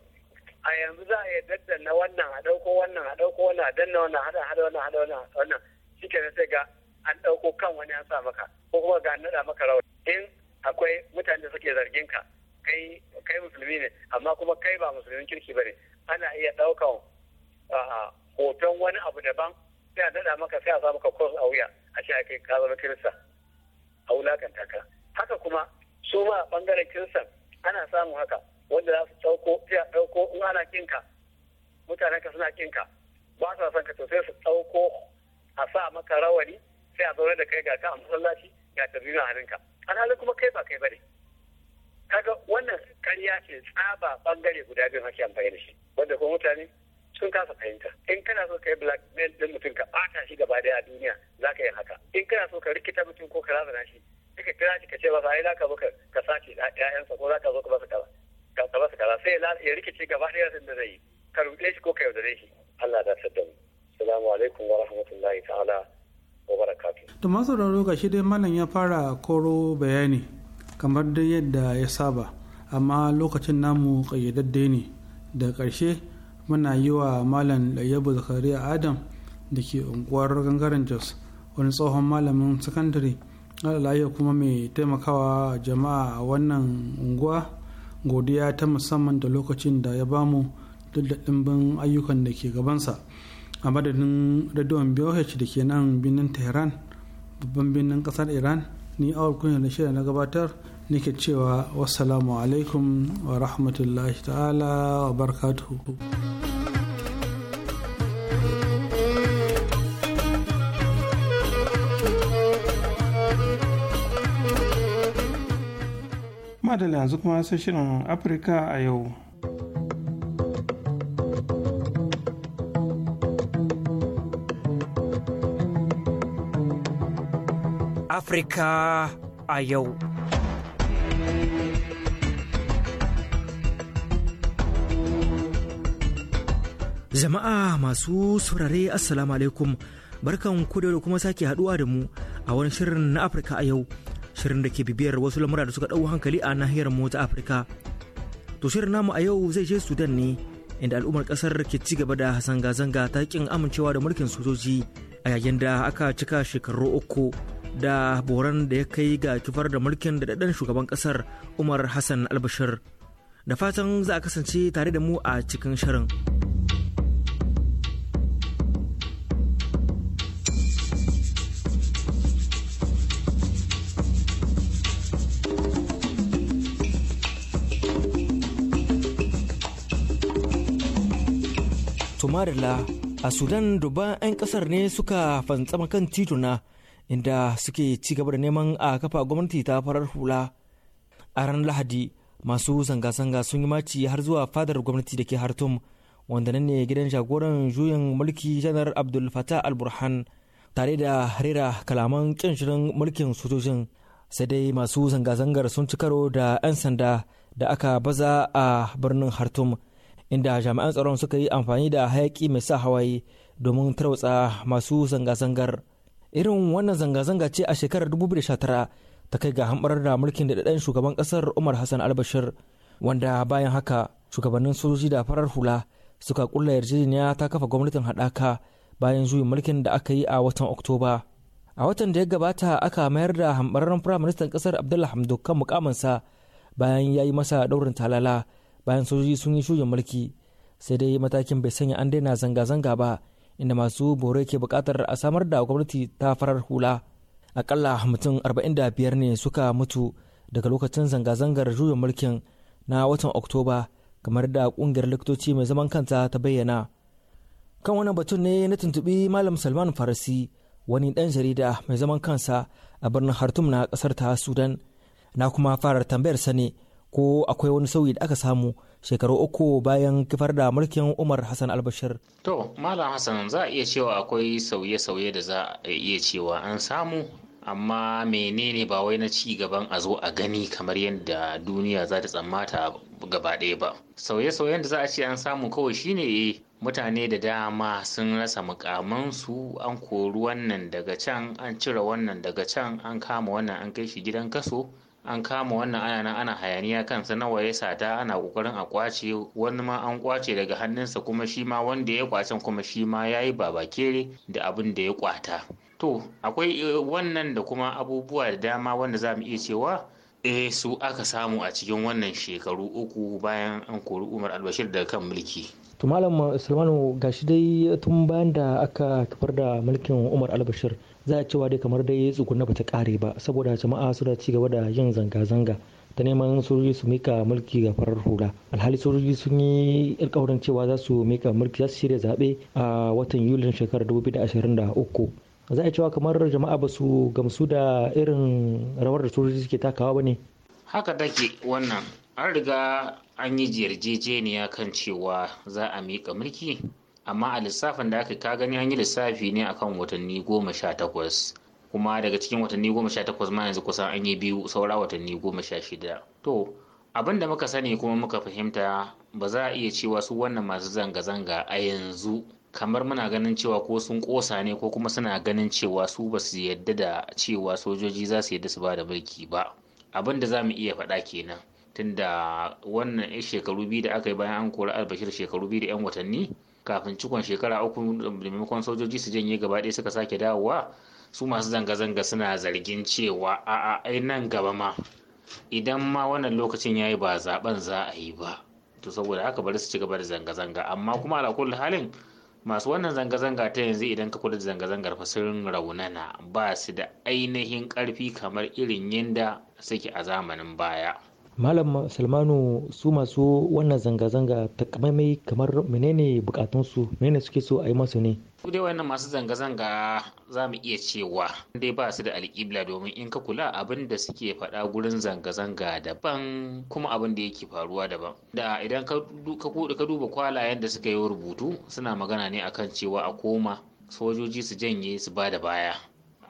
a yanzu za a iya daddana wannan a ɗauko wannan a ɗauko wannan a danna wannan hada hada wannan a hada wannan wannan shi ke sai ga an ɗauko kan wani an sa maka ko kuma ga an naɗa maka rawa in akwai mutane da suke zargin ka kai kai musulmi ne amma kuma kai ba musulmin kirki ba ne ana iya ɗaukan ah, hoton wani abu daban sai a naɗa maka sai a sa maka kos a wuya a shi a kai ka zama kirista a wulakanta ka haka kuma su ma bangaren kirsan ana samu haka wanda za su ɗauko sai ɗauko in ana kinka mutanen ka suna kinka ba sa son ka to su ɗauko a sa maka rawani sai a zaune da kai ga ka a masallaci ga hannun ka hannunka alhalin kuma kai ba kai bane kaga wannan karya ce tsaba bangare guda biyu ake amfani da shi wanda kuma mutane sun kasa fahimta in kana so ka yi blackmail din mutum ka bata shi gaba daya a duniya za ka yi haka in kana so ka rikita mutum ko ka razana shi ka kira shi ka ce masa sai za ka zo ka sace ƴaƴansa ko za ka zo ka basu kaza ka ka basu kaza sai ya rikice gaba daya sun da zai yi ka rufe shi ko ka yaudare shi Allah da sadda mu assalamu alaikum wa rahmatullahi ta'ala wa barakatuh to masu sauraro ga shi dai malam ya fara koro bayani kamar dai yadda ya saba amma lokacin namu kayyadadde ne da ƙarshe muna yi wa malam zakari zakariya adam da ke unguwar gangaren jos wani tsohon malamin sakandare alalaye kuma mai taimakawa jama'a a wannan unguwa godiya ta musamman da lokacin da ya bamu duk da ɗimbin ayyukan da ke gabansa a madadin radiyon boh da ke nan birnin tehran babban birnin ƙasar iran ni awar kunya da shida na gabatar nake cewa wassalamu alaikum wa rahmatullahi ta'ala wa barkatuhu. madalla yanzu kuma sai shirin afirka a yau afirka a yau Jama'a masu saurare Assalamu alaikum barkan ku da kuma sake haduwa da mu a wani shirin na Afirka a yau shirin da ke bibiyar wasu lamura da suka ɗau hankali a nahiyar mu ta Afirka. To shirin namu a yau zai je Sudan ne inda al'ummar kasar ke ci gaba da zanga-zanga ta kin amincewa da mulkin sojoji a yayin da aka cika shekaru uku da boran da ya kai ga kifar da mulkin da daɗan shugaban ƙasar Umar Hassan Albashir. Da fatan za a kasance tare da mu a cikin shirin. madalla a Sudan dubban 'yan kasar ne suka fantsama kan tituna inda suke ci gaba da neman a kafa gwamnati ta farar hula. A ran Lahadi masu zanga-zanga sun yi maci har zuwa fadar gwamnati da ke Hartum wanda nan ne gidan jagoran juyin mulki janar Abdul Fattah al-Burhan tare da harira kalaman kin mulkin sojojin sai dai masu zanga-zangar sun ci karo da 'yan sanda da aka baza a birnin Hartum. inda jami'an tsaron suka yi amfani da hayaki mai sa hawaye domin tarwatsa masu zanga-zangar irin wannan zanga-zanga ce a shekarar 2019 ta kai ga hamɓarar da mulkin da daɗaɗɗen shugaban ƙasar umar hassan albashir wanda bayan haka shugabannin sojoji da farar hula suka kulla yarjejeniya ta kafa gwamnatin haɗaka bayan juyin mulkin da aka yi a watan oktoba a watan da ya gabata aka mayar da hambararren firaministan ƙasar abdullahi hamdu kan mukamansa bayan ya yi masa ɗaurin talala bayan sojoji sun yi shugin mulki sai dai matakin bai sanya an daina zanga-zanga ba inda masu bore ke bukatar a samar da gwamnati ta farar hula akalla mutum arba'in da biyar ne suka mutu daga lokacin zanga-zangar juyin mulkin na watan oktoba kamar da kungiyar likitoci mai zaman kanta ta bayyana kan wani batun ne na tuntubi malam salman farisi wani dan jarida mai zaman kansa a birnin hartum na kasar ta sudan na kuma fara tambayar sani ko akwai wani sauyi da aka samu shekaru uku bayan kifar da mulkin umar hassan albashir to malam hassan za a iya cewa akwai sauye-sauye da za a iya cewa an samu amma menene ba wai na ci gaban a zo a gani kamar yadda duniya za ta tsammata gaba ɗaya ba sauye-sauyen da za a ce an samu kawai shine mutane da dama sun rasa mukamansu an kori wannan daga can an cire wannan daga can an kama wannan an kai shi gidan kaso an kama wannan ana nan ana hayaniya kansa nawa ya sata ana kokarin a kwace wani ma an kwace daga hannunsa kuma shi ma wanda ya kwacen kuma shi ma ya yi babakere da abin da ya kwata to akwai eh, wannan da kuma abubuwa da dama wanda za mu iya cewa eh su aka samu a cikin wannan shekaru uku bayan an kori umar albashir daga kan mulki to malam sulmanu gashi dai tun bayan da aka kafar da mulkin umar albashir za a cewa dai kamar dai tsugunna ba ta kare ba saboda jama'a suna ci gaba da yin zanga-zanga ta neman sojoji su mika mulki ga farar hula alhali sojoji sun yi alkawarin cewa za su mika mulki za su shirya zaɓe a watan yulin shekarar 2023 za a cewa kamar jama'a ba su gamsu da irin rawar da sojoji suke takawa ba ne haka take wannan an riga an yi yarjejeniya kan cewa za a mika mulki amma a lissafin da aka ka gani an yi lissafi ne akan watanni goma sha takwas kuma daga cikin watanni goma sha takwas ma yanzu kusan an yi biyu saura watanni goma sha shida to abin da muka sani kuma muka fahimta ba za a iya cewa su wannan masu zanga-zanga a yanzu kamar muna ganin cewa ko sun kosa ne ko kuma suna ganin cewa su ba su yadda da cewa sojoji za su yadda su ba da mulki ba abin da za mu iya faɗa kenan tunda wannan shekaru biyu da aka yi bayan an kori albashir shekaru biyu da 'yan watanni kafin cikon shekara uku maimakon sojoji su janye gaba ɗaya suka sake dawowa su masu zanga-zanga suna zargin cewa a'a ai nan gaba ma idan ma wannan lokacin ya yi ba zaben za a yi ba to saboda haka bari su ci gaba da zanga-zanga amma kuma ala kulli halin masu wannan zanga-zanga ta yanzu idan ka kula da zanga-zangar fa raunana ba su da ainihin karfi kamar irin yadda suke a zamanin baya malam salmanu su masu wannan zanga-zanga ta takamaimai kamar menene bukatunsu menene suke so a yi masu ne su dai wannan masu zanga-zanga za mu iya cewa dai ba su da alƙibla domin in ka kula abin da suke faɗa gurin zanga-zanga daban kuma abin da yake faruwa daban da idan ka duba kwalayen da suka yi rubutu suna magana ne akan cewa a koma sojoji su janye su ba da baya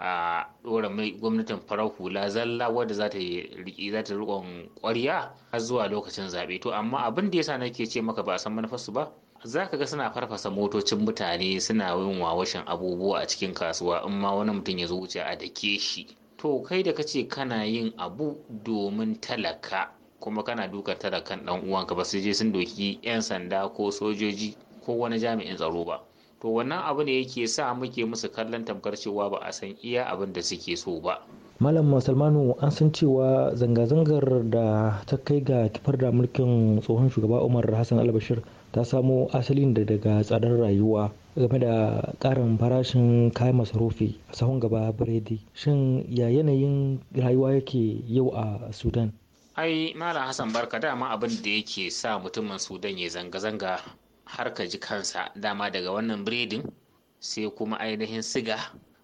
a ɗora gwamnatin farar hula zalla wadda za ta riƙi za ta riƙon ƙwarya har zuwa lokacin zaɓe to amma abin da yasa nake ce maka ba a san manufarsu ba za ka ga suna farfasa motocin mutane suna yin wawashin abubuwa a cikin kasuwa in ma wani mutum ya zo wuce a dake shi to kai da kace kana yin abu domin talaka kuma kana dukan talakan ɗan uwanka ba su je sun doki yan sanda ko sojoji ko wani jami'in tsaro ba to wannan abu ne yake sa muke musu kallon tamkar cewa ba a san iya abin da suke so ba malam musulmanu an san cewa zanga-zangar da ta kai ga kifar da mulkin tsohon shugaba umar hassan albashir ta samo asalin da daga tsadar rayuwa game da karin farashin kayan masarufi a sahun gaba biredi shin ya yanayin rayuwa yake yau a sudan ai malam hassan barka dama abin da yake sa mutumin sudan ya zanga-zanga har ka ji kansa dama daga wannan biredin sai kuma ainihin siga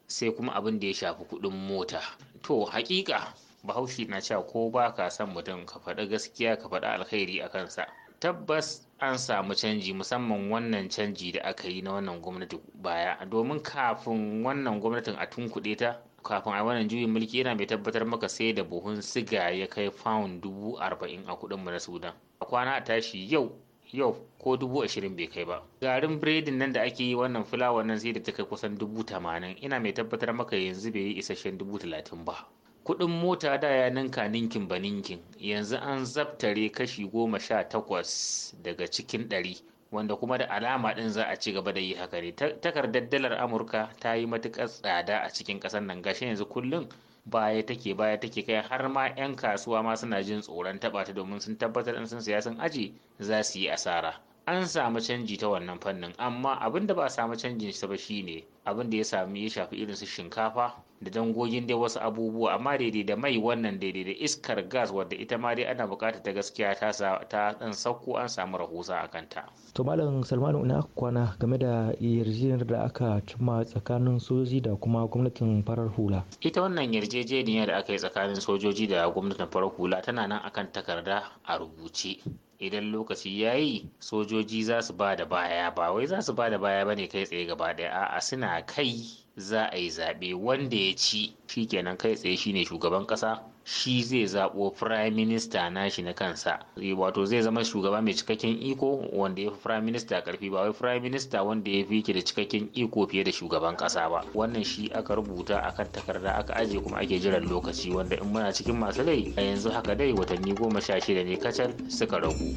sai kuma abin da ya shafi kuɗin mota to hakika bahaushe na cewa ko ba ka son mutum ka faɗa gaskiya ka faɗa alkhairi a kansa tabbas an samu canji musamman wannan canji da aka yi na wannan gwamnati baya domin kafin wannan gwamnatin a tunkuɗe ta kafin a wannan juyin mulki yana mai tabbatar maka sai da buhun siga ya kai fawun dubu arba'in a kuɗin mu na sudan a kwana a tashi yau yau ko dubu ashirin bai kai ba garin biredin nan da ake yi wannan fulawa nan sai da ta kai kusan dubu tamanin ina mai tabbatar maka yanzu bai yi isasshen dubu talatin ba kuɗin mota da ya ninka ninkin ba ninkin yanzu an zabtare kashi goma sha takwas daga cikin ɗari wanda kuma da alama ɗin za a ci gaba da yi haka ne takardar dalar amurka ta yi matuƙar tsada a cikin ƙasar nan gashi yanzu kullum baya take baya take kai har ma 'yan kasuwa ma suna jin tsoron taɓa ta domin sun tabbatar in sun siya sun aji za su yi asara an samu canji ta wannan fannin amma abin da ba a samu canjin sa ba shine abin da ya sami ya shafi irin su shinkafa da dangogin dai wasu abubuwa amma daidai da mai wannan daidai da iskar gas wadda ita ma dai ana bukata ta gaskiya ta ta dan sauko an samu rahusa a kanta to malam salmanu ina kwana game da yarjejeniyar da aka cimma tsakanin sojoji da kuma gwamnatin farar hula ita wannan yarjejeniyar da aka yi tsakanin sojoji da gwamnatin farar hula tana nan akan takarda a rubuce idan lokaci ya yi sojoji za su ba da baya ba wai za su ba da baya ba ne kai tsaye gaba daya a'a suna kai za a yi zaɓe wanda ya ci shi kenan kai tsaye shine shugaban ƙasa shi zai zaɓo prime minister nashi na kansa eh, wato zai zama shugaba mai cikakken iko wanda ya fi prime minister karfi ba wai prime minister wanda ya fi yake da cikakken iko fiye da shugaban kasa ba wannan shi aka rubuta akan takarda aka aje kuma ake jiran lokaci wanda in muna cikin masu rai a yanzu haka dai watanni goma sha shida ne kacal suka ragu.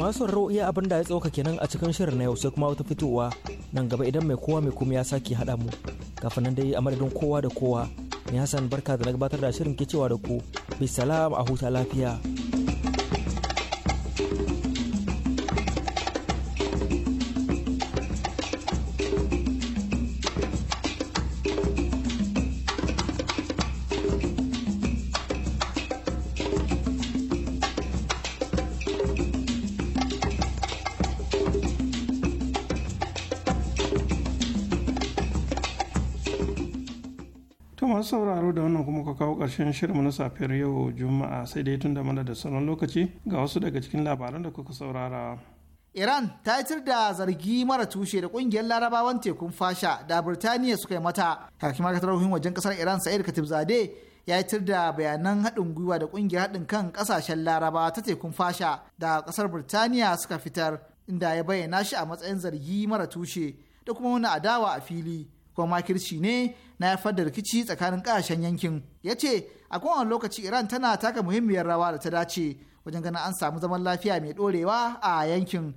masu sauraro iya abin da ya tsoka kenan a cikin shirin na yau sai kuma wata fitowa nan gaba idan mai kowa mai kuma ya sake haɗa mu kafin nan dai a madadin kowa da kowa ni hassan barka da na gabatar da shirin ke cewa da ku bisalam a huta lafiya masu sauraro da wannan kuma ka kawo ƙarshen shirinmu na safiyar yau juma'a sai dai tun da mana da sauran lokaci ga wasu daga cikin labaran da kuka saurara. Iran ta yi da zargi mara tushe da kungiyar larabawan tekun fasha da Birtaniya suka yi mata. Hakim harkatarohin wajen kasar Iran Sa'id katib zade ya yi da bayanan haɗin gwiwa da kungiyar haɗin kan ƙasashen laraba ta tekun fasha da ƙasar Birtaniya suka fitar inda ya bayyana shi a matsayin zargi mara tushe da kuma wani adawa a fili. ko makirci ne na haifar da rikici tsakanin kasashen yankin ya ce a kowane lokaci iran tana taka muhimmiyar rawa da ta dace wajen ganin an samu zaman lafiya mai dorewa a yankin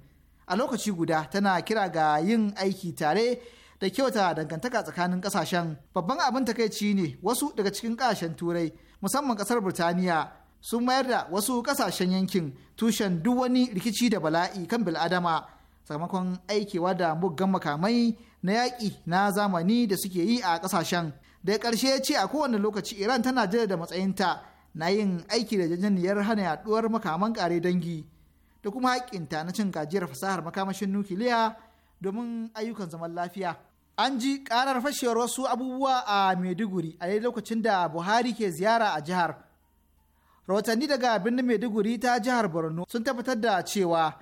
a lokaci guda tana kira ga yin aiki tare da kyauta dangantaka tsakanin kasashen babban abin takaici ne wasu daga cikin kasashen turai musamman kasar burtaniya sun mayar da wasu kasashen yankin tushen duk wani rikici da bala'i kan bil'adama sakamakon aikewa da muggan makamai na yaƙi na zamani da suke yi a ƙasashen. Da ƙarshe ya ce a kowane lokaci Iran tana jira da matsayinta na yin aiki da jajjaniyar hana yaɗuwar makaman ƙare dangi da kuma haƙƙinta na cin gajiyar fasahar makamashin nukiliya domin ayyukan zaman lafiya. An ji ƙarar fashewar wasu abubuwa a Maiduguri a lokacin da Buhari ke ziyara a jihar. Rahotanni daga birnin Maiduguri ta jihar Borno sun tabbatar da cewa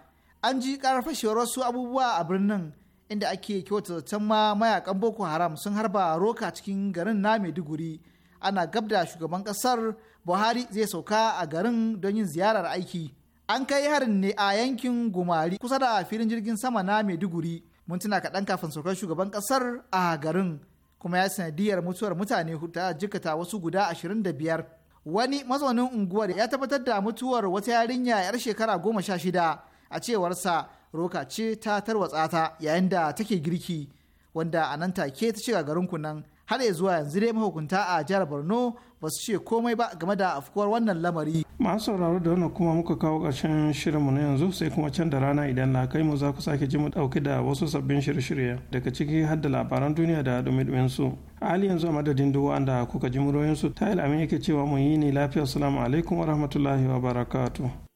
an ji ƙarar fashewar wasu abubuwa a birnin inda ake kyauta zaton ma mayakan boko haram sun harba roka cikin garin na maiduguri ana gab da shugaban kasar buhari zai sauka a garin don yin ziyarar aiki an kai harin ne a yankin gumari kusa da filin jirgin sama na maiduguri mintuna kaɗan kafin saukar shugaban kasar a garin kuma ya sanadiyar mutuwar mutane ta jikata wasu guda ashirin da biyar wani mazaunin unguwar ya tabbatar da mutuwar wata yarinya yar shekara goma sha shida a cewarsa roka ce ta tarwatsa ta yayin da take girki wanda a nan take ta shiga garin kunan har ya zuwa yanzu dai mahukunta a jihar borno ba su ce komai ba game da afkuwar wannan lamari masu sauraro da wannan kuma muka kawo ƙarshen shirinmu na yanzu sai kuma can da rana idan na kai mu za ku sake ji mu ɗauki da wasu sabbin shirye-shirye daga ciki har da labaran duniya da dumi su a hali yanzu a madadin duk wanda kuka ji muryoyinsu ta yake cewa mu yi ne lafiya salamu alaikum wa rahmatullahi wa barakatu.